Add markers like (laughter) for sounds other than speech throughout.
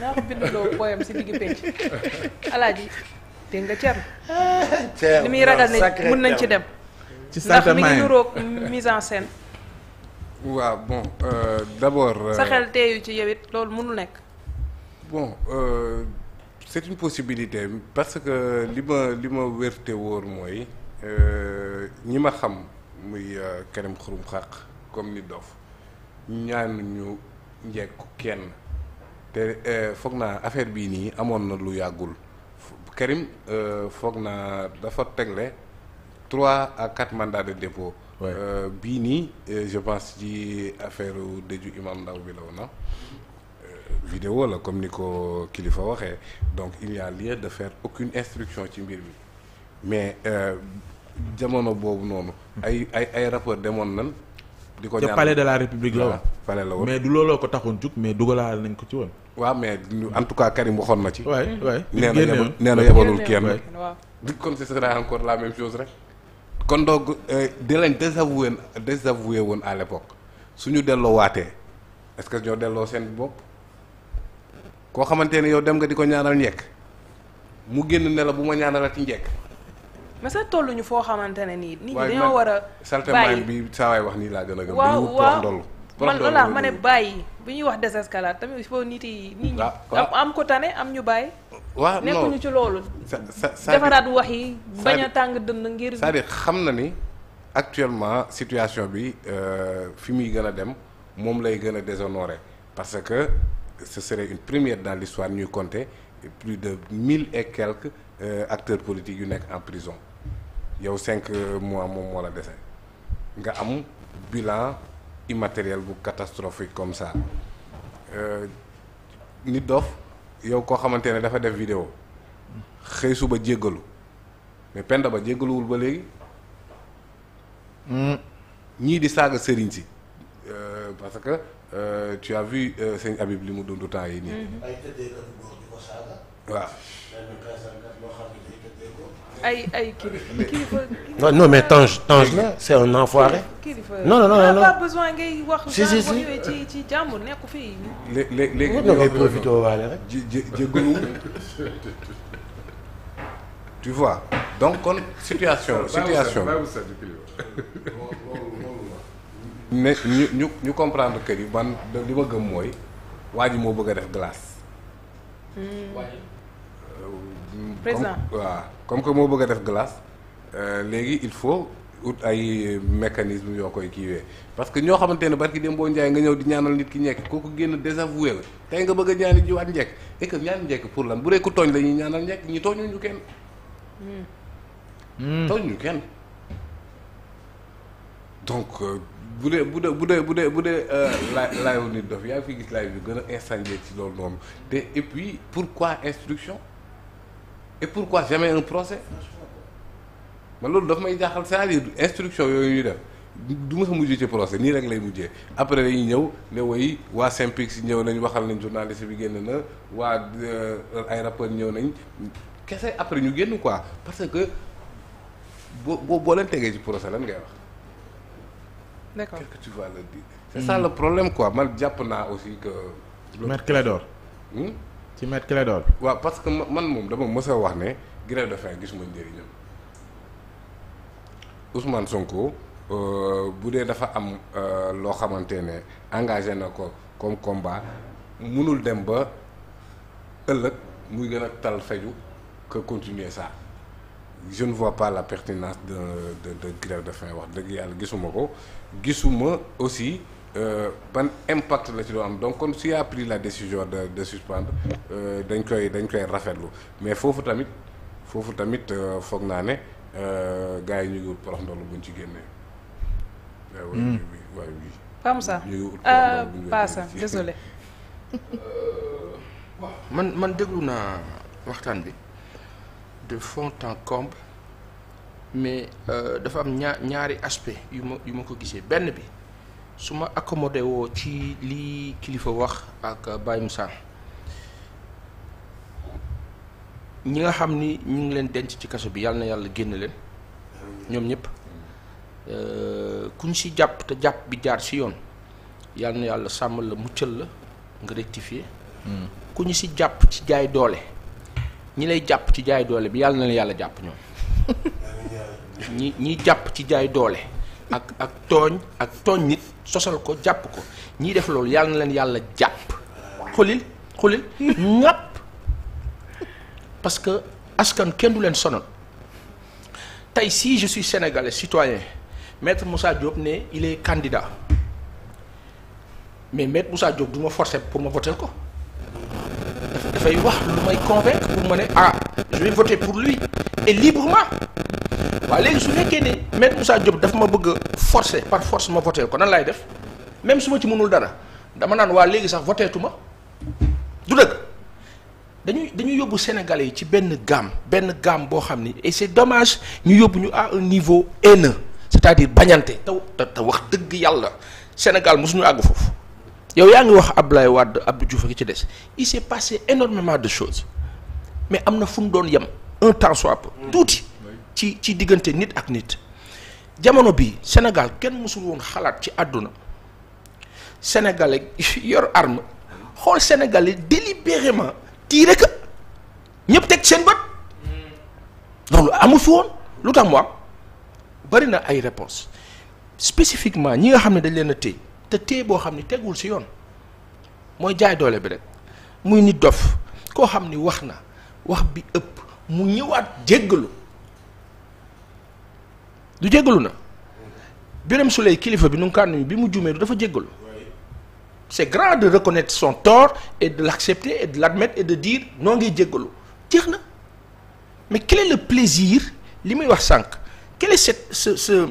naa ko bindaloo poème si digg penc alaaji dégg nga Thierno. li muy ragal ne mën nañ ci dem. ci ndax mi ngi nuroog mise en scène. waaw bon euh, d'abord. Euh, sa xel teeyu ci yow it loolu mënul nekk. bon euh, c'est une possibilité parce que li ma li ma wérte wóor mooy ñi ma xam muy Karim Xurum Xaq comme ni dof ñu njekku kenn. te eh, foog naa affaire bii nii amoon na lu yàggul Karim eh, foog naa dafa tegle trois à quatre mandats de dépôt. Eh, bii nii je pense ci affaire dëju imam Ndaw bi la woon ah. vidéo la comme ni ko kilifa waxee donc il y a lieu de faire aucune instruction ci mbir bi mais jamono boobu noonu. Hmm. ay ay ay rapport demoon na di ko ñaan palais de la république la fale la woon mais du looloo ko taxoon jug mais dugalaal nañ ko ci woon. waaw mais en tout cas Karim waxoon na ci. waay waay nee na yebal nee na yebalul kenn. waaw kon ce sera encore la même rek. kon donc euh, di lañ désavoué désavoué woon à l'époque suñu delloo waatee est que ñoo delloo seen bopp koo xamante ne yow dem nga di ko ñaanal njekk mu génn ne la bu ma ñaanal ci njekk mais sax tolluñu foo xamante ne nii. nit ñi dañoo war a bi saa wax nii laa gën a gëm. waaw waaw dañu toog man loolu laa ma ne bàyyi bi ñuy wax désescalade tamit il faut nit yi. nit ñi am ko tane am ñu bàyyi. waaw non nekkuñu ci loolu. defaraat wax yi. bañ a tàng dënd ngir. cest à xam na ni actuellement situation bi euh, fi muy gën a dem moom lay gën a déshonoré parce que ce serait une première dans l'histoire ñuy compter plus de mille et quelques euh, acteurs politiques yu nekk en prison yow cinq mois moom moo la dese nga am bilan. immatériel bu catastrophique comme ça euh, nit dof yow koo xamante ne dafa def vidéo xëy suba jéggalu mais Penda ba jéggaluwul ba léegi hmm. ñii di saaga sëriñ si euh, parce que euh, tu as euh, sëñ Habib li mu dund temps yi nii. ay ay ay kilifa non non mais Tange Tange la c'est un enfoiré. kilifa non non non ah, non pas besoin ngay wax. si si si ci ci jàmbur nekku fii. léegi léegi ñoo ngay profité waale rek. ji ji jégalu tu vois donc kon situation. situation ne (laughs) ñu ñu ñu comprendre que ni man li ma gëm mooy waa ji moo bëgg a def glace. Hmm. président waa comme que moo bëgg a def glace euh, léegi il faut ut ay mécanisme yoo koy kiiwee parce que ñoo xamante ne barki dem boo njaay nga ñëw di ñaanal nit ki ñekk kooku génn désavoué la tey nga bëgg a ñaani jiwaat njekk et que ñaan njekk pour la bu dee ku tooñ la ñuy ñaanal njekk ñi tooñu ñu kenn hmm. tooñ ñu kenn donc euh, bu dee bu dee bu dee bu dee bu dee euh, la laayu nit dof yaa fi gis laay bi gën a incendié ci loolu noonu te et puis pourquoi instruction et pourquoi jamais un procès man loolu daf may jaaxal c'est-à-dire instruction yooyu ñuy def du ma sa mujjee ci procès nii rek lay mujjee après dañuy ñëw ne woy waa Simpix ñëw nañ waxal nañ journaliste bi génn na waa euh, ay rappeurs ñëw nañ kese après ñu génn quoi parce que boo boo boo leen tegee ci procès lan ngay wax. d'accord qu'est-ce que tu vas leur hmm. c'est ça le problème quoi man jàpp naa aussi que. Maître Clédor. Hmm? ci maître Clédor waaw parce que man moom dama mës a wax ne grève de faim gisuma njëriñam Ousmane Sonko euh, bu dee dafa am euh, loo xamante ne engagé na ko comme combat mënul dem ba ëllëg muy gën a tal feju que continuer ça jeune ne vois la pertinence de de de grève de faim wax dëgg yàlla gisuma ko gisuma aussi. Euh, ban impact la ci doon am donc kon si a pris la décision de de suspendre euh, dañ koy dañ koy rafetlu mais foofu tamit foofu tamit euh, foog naa ne gars yi ñu ngi porox ndolu buñ ci génnee. waaw waaw hmm. oui. PAM sax PAM sax désolé. (laughs) man man déglu naa waxtaan bi de fond en comble mais dafa am ñaar ñaari aspect yu ma yu ma ko gisee benn bi. su ma accommodé woo ci lii kilifa wax ak Baye Moussa ñi nga xam ni ñu ngi leen denc ci kaso bi yàlla na yàlla génn leen ñoom ñëpp euh, ku ñu si jàpp te jàpp bi jaar si yoon yàlla na yàlla sàmmal la muccal la nga rectifier hmm. ku ñu si jàpp ci jaay doole ñi lay jàpp ci jaay doole bi yàlla na la yàlla jàpp ñoom (laughs) ñi ñiy jàpp ci jaay doole ak ak tooñ ak tooñ nit sosal ko jàpp ko ñiy def loolu yàlla na leen yàlla jàpp xulil xulil ñàpp parce que askan kenn du leen sonal tey si je suis sénégalais citoyen maître Moussa Diop ne il est candidat mais maître Moussa Diop du ma forcer pour ma voter ko dafay wax lu may convaincre pour ma ne ah je vais pour lui et librement waa léegi su fekkee ni maître Moussa Diop daf ma bëgg a forcer par force ma voté ko nan laay def même suma ci mënul dara dama naan waa léegi sax voteetu ma du dëgg dañuy dañuy yóbbu Sénégalais yi ci benn gamme benn gamme boo xam ni et c'est ñu yóbbu ñu à niveau haineux c'est-à-dire bañante te te wax dëgg yàlla Sénégal mosuñu àgg foofu yow yaa ngi wax Abdoulaye Wade Abdou a ngi ci des il s'est passé énormément de choses mais am na fu mu doon yem un temps soit peu tuuti. ci ci diggante nit ak nit jamono bi Sénégal kenn mësul woon xalaat ci àdduna sénégalais (laughs) yor arme xool sénégalais délibérément tiire ka ñëpp teg seen bët loolu amul fi woon lu tax mu am bari na ay réponse spécifiquement ñi nga xam ne dañ leen a te téye boo xam ne tegul si yoon mooy jaay doole bi rek muy nit dof koo xam ni wax na wax bi ëpp mu ñëwaat jéggalu du jéggalu na Birame Souleye kilifa bi nu ngi bi mu jumee du dafa jéggalu c'est grand de reconnaître son tort et de l'accepter et de l'admettre et de dire noo ngi jéggalu jeex na mais quel est plaisir li muy wax sànq quel est cette ce ce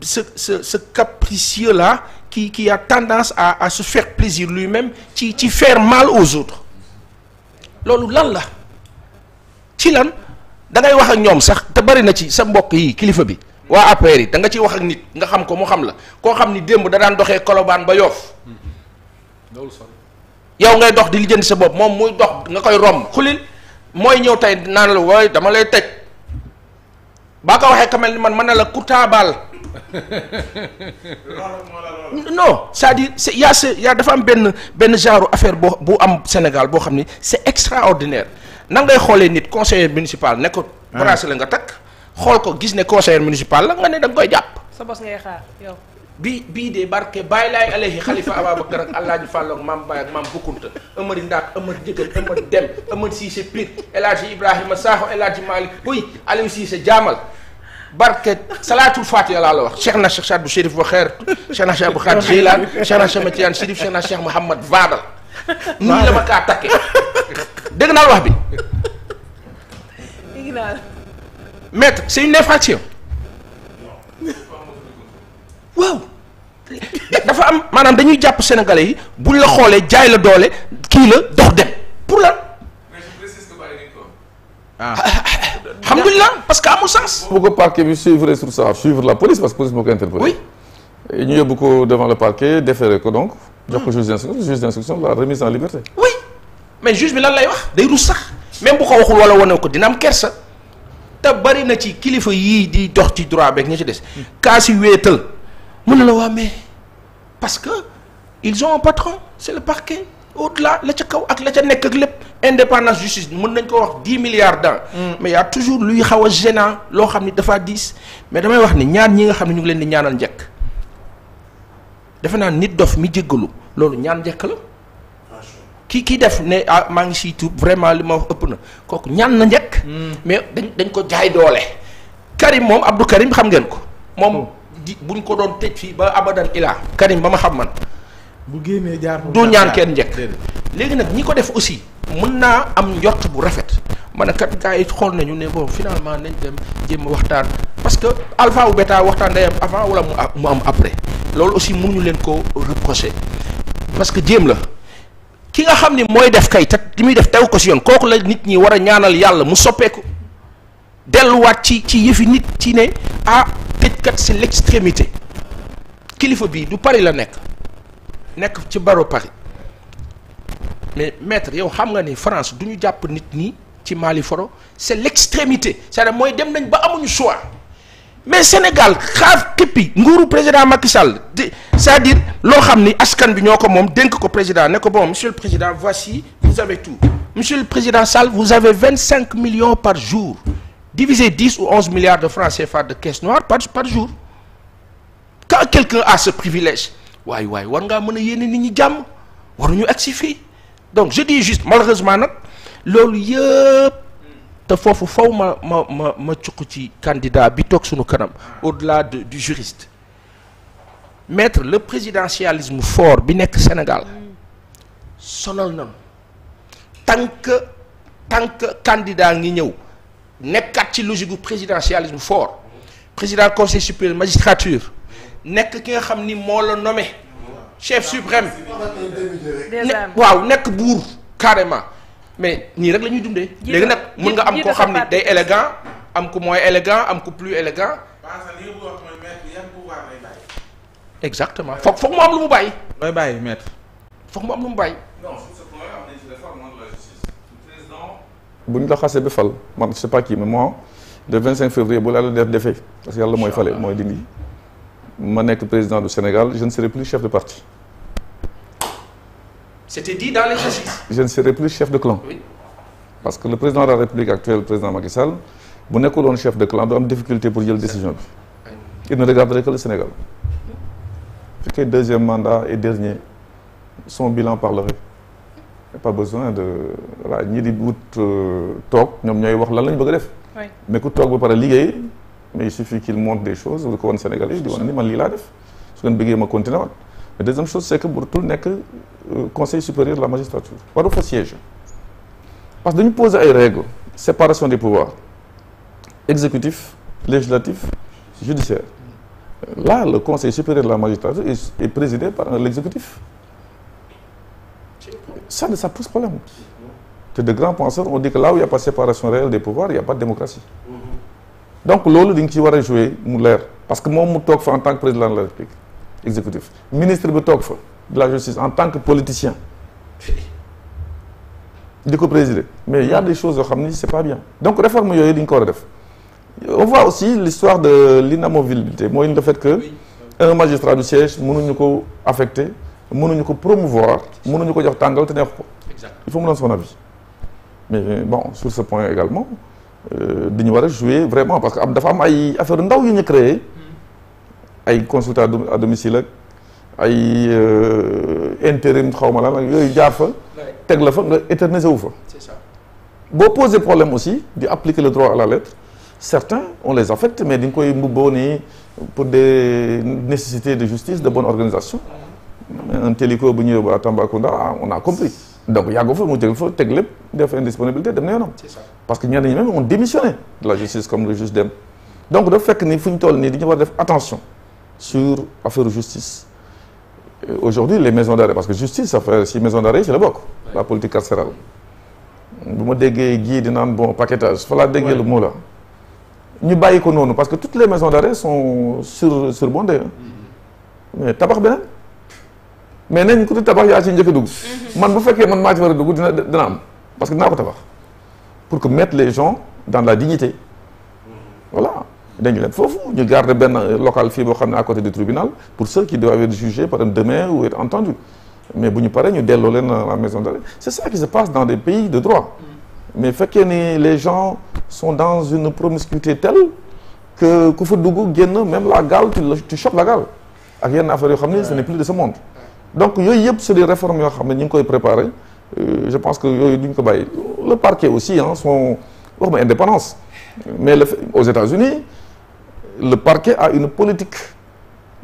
ce ce ce capricieux là qui qui a tendance à à se faire plaisir lui-même ci ci faire mal aux autres loolu lan la ci lan dangay wax ak ñoom sax te bari na ci sa mbokk yi kilifa bi. waa APR yi danga nga ciy wax ak nit nga xam ko mu xam la koo xam ni démb da daan doxee kolobaan ba yoof yow ngay dox di lijjanti sa bopp moom muy dox nga koy romb xulil mooy ñëw tey naan la wooy dama lay tëj baa ko waxee kamel ni man mën na la kutaabaal (laughs) non c'est-à-dire c'est yaa sa yaa dafa am benn benn genre affaire boo bu am Sénégal boo xam ni c'est extraordinaire nan ngay xoolee nit conseiller municipal ne ko ah. la nga takk xool ko gis ne conseiller municipal la nga ne da nga koy jàpp. sa bos ngay xaar bi bii de barke bàyyi laay alayhi xalifa Ababacar ak Alaaji Fàllu ak maam Baye ak maam Bukunta Amari Ndaak Amar Jëgër Amar Dem Amar Siise Pir El Hadji Ibrahima Saaxo El Hadji Malick Buy Aliou Siise Jaamal barke salaatul fatiha laa la wax Cheikh na Cheikh Saad bu Chérif wa xeer na Cheikh Abou Khadre Jeylaan Cheikh na Cheikh Matiyaan Vaadal nii la ma kaa takke dégg naa wax bi maître c'est une infraction waaw dafa am maanaam dañuy jàpp sénégalais yi buñ la xoolee jaay la doole kii la dox dem pour lan. ah alhamdulilah parce que amul sens. bu ko parquet bi suivre sur ça suivre la police parce que police moo ko interpellé. oui ñu yóbbu ko devant le parquet déféré ko donc. jox ko juge d'instruction juge d'instruction la remise en liberté. oui mais juge bi lan lay wax day rus sax même bu ko waxul wala wane ko dina am kersa. te bari na ci kilifa yii di dox ci droit beeg ñu ci des. kaas yi wéetal mën na la waa mais parce que ils ont un patron c'est le parquet au-delà la ca kaw ak la ca nekk ak lépp. indépendance justice mën nañ ko wax dix milliards d'ans. Mm. mais y toujours luy xaw a gênant loo xam ni dafa diis mais damay wax ni ñaar ñi nga xam ne ñu ngi leen di ñaanal njekk defe naa nit dof mi jéggalu loolu ñaan njëkk la. ki ki def ne ah maa ngi siy tuub vraiment li ma wax ëpp na kooku ñaan na njëkk. Hmm. mais dañ dañ ko jaay doole. Karim moom Abdou Karim xam ngeen ko. moom oh. di buñ ko doon tëj fii ba abadan ilaa Karim ba ma xam man. bu génnee jaar du ñaan kenn njëkk. léegi nag ñi ko def aussi. mën naa am njort bu rafet. ma ne kat gars xool nañu ne bon finalement nañ dem jéem waxtaan parce que alpha ou waxtaan day am avant wala mu am après loolu aussi mënuñu leen ko reprocher parce que jéem la. ki nga xam ni mooy def kay te li muy def tew ko si yoon kooku la nit ñi war a ñaanal yàlla mu soppeeku delluwaat ci ci yëfi nit ci ne ah tëjkat c'est l'extrémité kilifa bii du Paris la nekk nekk ci baro Paris mais maître yow xam nga ni France du ñu jàpp nit ñi ci Mali foro c'est l'extrémité cest à mooy dem nañ ba amuñu choix mais Sénégal xaaf képpi nguuru président Macky Sall di c'est-à-dire loo xam ni askan bi ñoo ko moom dénk ko président ne ko bon monsieur le président voici vous avez tout monsieur le président Sall vous avez vingt cinq millions par jour divisé dix ou onze milliards de francs CFA de caisse noire par par jour quand quelqu'un a ce privilège waay waay war ngaa mën a yéene nit ñi jàmm waruñu agsi fii donc je dis juste malheureusement nag loolu yëpp. te foofu faw ma ma ma ma cuq ci candidat bi toog sunu kanam au-delà de du juriste maître le présidentialisme fort bi nekk Sénégal sonal na tant que tant ngi ñëw nekkat ci logique gu présidentialisme fort président conseil supérieur magistrature nekk ki nga xam ni moo la nommé chef suprême waaw nekk buur carrément mais nii rek lañuy ñuy dundee. léegi nag mën nga am koo xam ni day élégant am ku moins élégant am ko plus élégant. exactement foog foog mu am lu mu bàyyi. looy bàyyi maître. foog mu am lu mu bàyyi. non bu ñu la xasee ba fal man je sais pas kii mais moi de 25 bu la la def defee parce que yàlla mooy fale mooy dindi ma nekk président du Sénégal je ne serai plus chef de parti. C'était dit dans les assises. Je ne serai plus chef de clan. Oui. Parce que le président de la République actuelle, le président Macky Sall, bu nekkul woon chef de clan du am difficulté pour jël décision bi. il ne regarderait que le Sénégal. bu fekkee deuxième mandat et dernier son bilan parlerait. y a de voilà ñii di wut euh, toog ñoom ñooy wax lan la ñu bëgg a def. mais ku toog ba pare liggéey. mais il suffit qu'il montre des choses lu ko woon Sénégalais di wane ni man lii laa def su ngeen bëggee ma continuer waat. mais deuxième chose c'est que mënatul nekk euh, conseil supérieur de la magistrature waru fa siège parce que dañu poser ay règles séparation des pouvoirs exécutif législatif judiciaire la le conseil supérieur de la magistrature est, est présidé par l'exécutif ça ne ça pose problème te de grands penseurs ont dit que là il n'y a pas de séparation réelle des il n'y a pas de démocratie mhm. donc loolu dañ ciy war a jouer mu leer parce que moom mu toog fa en tant que président la République exécutif ministre bi toog fa de la justice en tant que politicien di ko présider mais y a des choses yoo xam ni c'est pas bien donc réforme yooyu dañ ko war a def on voit aussi l'histoire de l'inamovibilité mooy le fait que un magistrat du siège mënuñu ko affecter mënuñu ko promouvoir mënuñu ko jox tàngal te neexu ko il faut mu doon son avis mais bon sur ce point également euh, dañu war a jouer vraiment parce que am dafa am ay affaire ndaw yu ñu créé ay consultat à domicile ak ay euh, intérim xaw ma lan ak yooyu jaar fa. teg la fa nga éterniser wu fa. c'est boo pose problème aussi di appliquer le droit à la lettre certains on les affecte mais di nga koy mbubboo nii pour des de justice de bonne organisation. un télico bu ñëwee ba Tambacounda ah, on a compris donc yàggu fa mu jël fa teg lépp def dem na yoonam. parce que ñenn ñi même ont démissionné de la justice comme le juge Dème donc dafa fekk ni fu ñu toll nii di war a def attention. sur affaire justice aujourd'hui les maisons d'arrêt parce que justice affaire si maison d'arrêt ci la bokk la politique carcérale bu ma déggee gii di naan bon paquetage fa laa déggee le mot la ñu bàyyi ko noonu parce que toutes les maisons d'arrêt sont sur surbondées mm-hmm. mais tabax beneen mais nañ ku di tabax yaa ci njëkk a dugg mm-hmm. man bu fekkee man maa ci war a dugg dina am parce que dinaa ko tabax pour que mettre les gens dans la dignité mm-hmm. voilà dañu leen foofu ñu garder benn local fii boo xam ne a côté du tribunal pour ceux qui doivent être jugés par exemple demain ou être entendus mais bu ñu paree ñu delloo leen la maison d'arrêt c'est de droit mais fekkee ni les gens sont dans une promiscuité telle que ku fa dugg génn même la gale tu chopes la gale ak yenn affaires yoo xam ne ce n'est plus de ce monde donc yooyu yëpp c'est des réformes yoo xam ne ñu ngi koy préparer euh, je pense que yooyu duñ ko bay le parquet aussi ah son waxuma indépendance mais le aux le parquet a une politique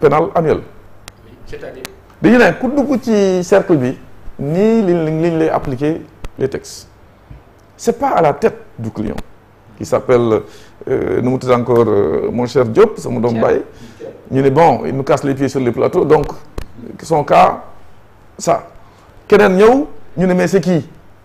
pénale annuelle. cest à ne ku dugg ci cercle bi ni liñ liñ lay appliquer les textes c'est pas à la tête du client qui s'appelle euh, nu mu tudd encore euh, mon cher Diop sama doom bàyyi ñu ne bon il nous casse les pieds sur les plateaux donc son cas ça keneen ñëw ñu ne mais c'est qui